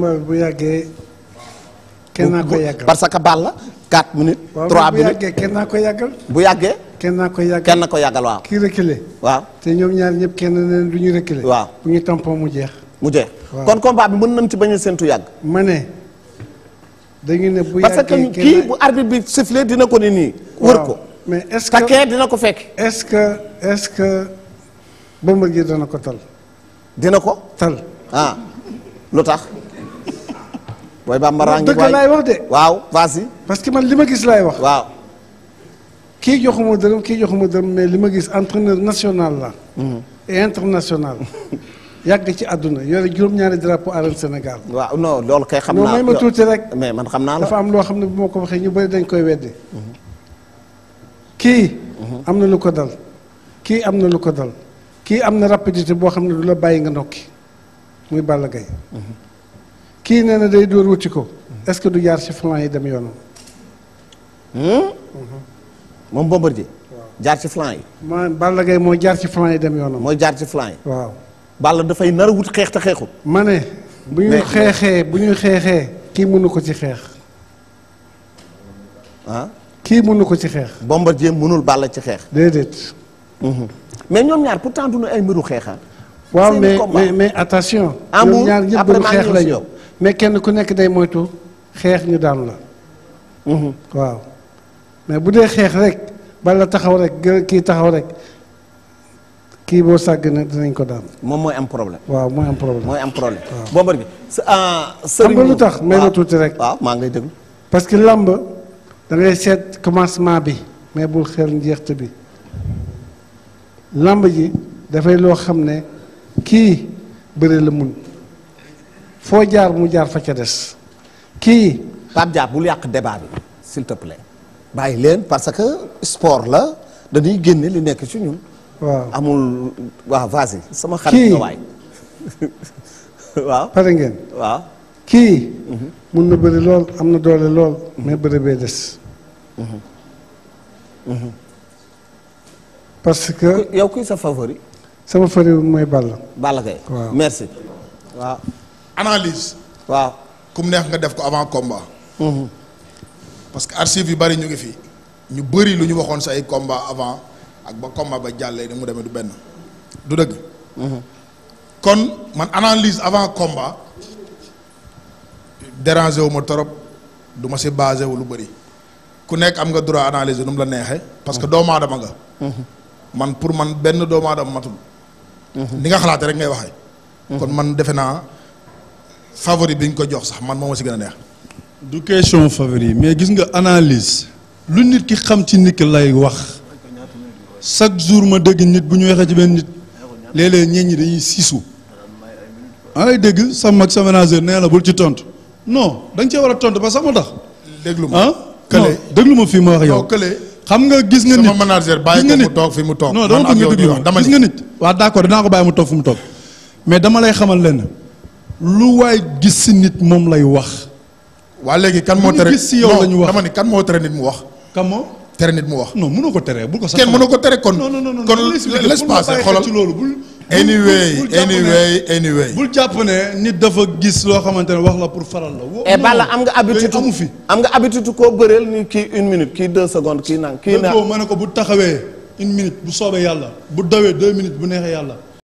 bu yàggee kenn naa ko yàggal parce que bal la 4 minutes. 3 minutes bu yàggee kenn naa ko yàggal. bu yàggee. kenn naa ko yàggal kenn na ko yàggal waaw. kii reculé. waaw te ñoom ñaar ñëpp kenn ne du ñu reculé. waaw bu ñu tampon mu jeex. mu jeex kon combat bi mën nañ ci bañ a séntu yàgg. ma ne dañu ne bu yàggee parce que kii bu arbitre bi sifflé dina ko ni nii. wër ko mais est-ce que takkee dina ko fekk. est-ce que est-ce que Bombardier dana ko tal. dina ko tal ah lu booy bambara ngi waaw vas parce que man li ma gis laay wax. waaw. kii joxuma dërëm kii joxuma dërëm mais li ma gis entraîneur national la. Mhm. et yàgg ci àdduna yore juróom-ñaari drapeau arène Sénégal. waaw non loolu kay xam naa. non ma tuuti rek. mais man xam naa dafa am loo xam ne bu ma ko waxee ñu bëri dañ koy weddi. Mhm. kii. Mhm. am na lu ko dal. kii am na lu ko dal. kii am na rapidité boo xam ne du la bàyyi nga nokki muy Balla Gaye kii nee na day dóor wuti ko est-ce que du jaar ci flanc yi dem yoonam. Hmm? moom Bombardier. jaar ci flanc yi. maanaam Balla Gaye mooy jaar ci flanc yi dem yoonam. mooy jaar ci flanc yi. waaw. Balla dafay nar a wut xeex te xeexut. ma ne. bu ñu xeexee bu ñuy xeexee. kii mënu ko ci xeex. ah. kii mënu ko ci xeex. Bombardier mënul Balla ci xeex. déedéet. Hmm. mais ñoom ñaar pourtant du ñu ay mbiru xeexaan. Ah. waaw mais mais mais attention. ñoom ñaar ñëpp du xeex la ñu. mais kenn ku nekk day moytu xeex ñu daanu la mhm. waaw mais bu dee xeex rek bala taxaw rek gën kii taxaw rek kii boo sàgg ne dinañ ko daan. moom mooy am problème. waaw mooy am problème mooy am problème. waaw Bombardier ah, xam nga lu tax may ma tuuti rek. waaw maa ngi lay déglu. parce que làmb da seet commencement bi mais bul xel njeexte bi làmb ji dafay loo xam ne kii bëri la mun. foo jaar mu jaar fa ca des kii. Pape Dia bul yàq débat bi s'il te plaît. bàyyi leen parce que sport la dañuy génne li nekk ci ñun. waaw amul waaw vas sama xarit nga waay kii. Mhm. mun na bëri lool am na doole lool. Mhm. mais bëri des. Mhm. parce que yow kuy sa favori. sama favori mooy Balla. Balla kay. merci waaw. analyse. waaw kum neex nga def ko avant combat. Mhm. parce que archive yu bari ñu ngi fii ñu bëri lu ñu waxoon sa ay combat avant ak ba combat ba jàllee ni mu demee du benn du dëgg. Mhm. kon man analyse avant combat dérangé wu ma trop du ma si basé wu lu bëri ku nekk am nga droit analyse num la neexee. parce que mhm. doomu aadama nga. man pour man benn doomu aadama matul. ni nga xalaate rek ngay waxee. kon man defe naa. favori bi ñu ko jox sax man moom si gën a neex. du question favori mais gis nga analyse lu nit ki xam ci nit ki lay wax chaque jour ma dégg nit bu ñu waxee ci benn nit léeg-léeg ñeent ñi dañuy siisu ma lay dégg sa mag sa manager nee la bul ci tontu no da nga cee war a tontu ba sax ma tax. déglu ma ah kële déglu ma fii ma wax yow xam nga gis nga nit sama manager bàyyi ko mu toog fi mu toog. non dama bëgg nga déglu ma gis nga nit. waaw ko bàyyi mu toog fi mu toog mais dama lay xamal lenn. Louai gis nit mom lay wax. wa kan mo téré dama ni kan mo téré nit mu wax. kan non non non non kon laisse anyway anyway anyway bul japp ne nit dafa gis lo xamante wax la pour faral la. Eh, bala am nga habitude am nga habitude ni une minute deux secondes ki ki ko bu taxawé une minute bu yalla bu deux minutes bu nexé yalla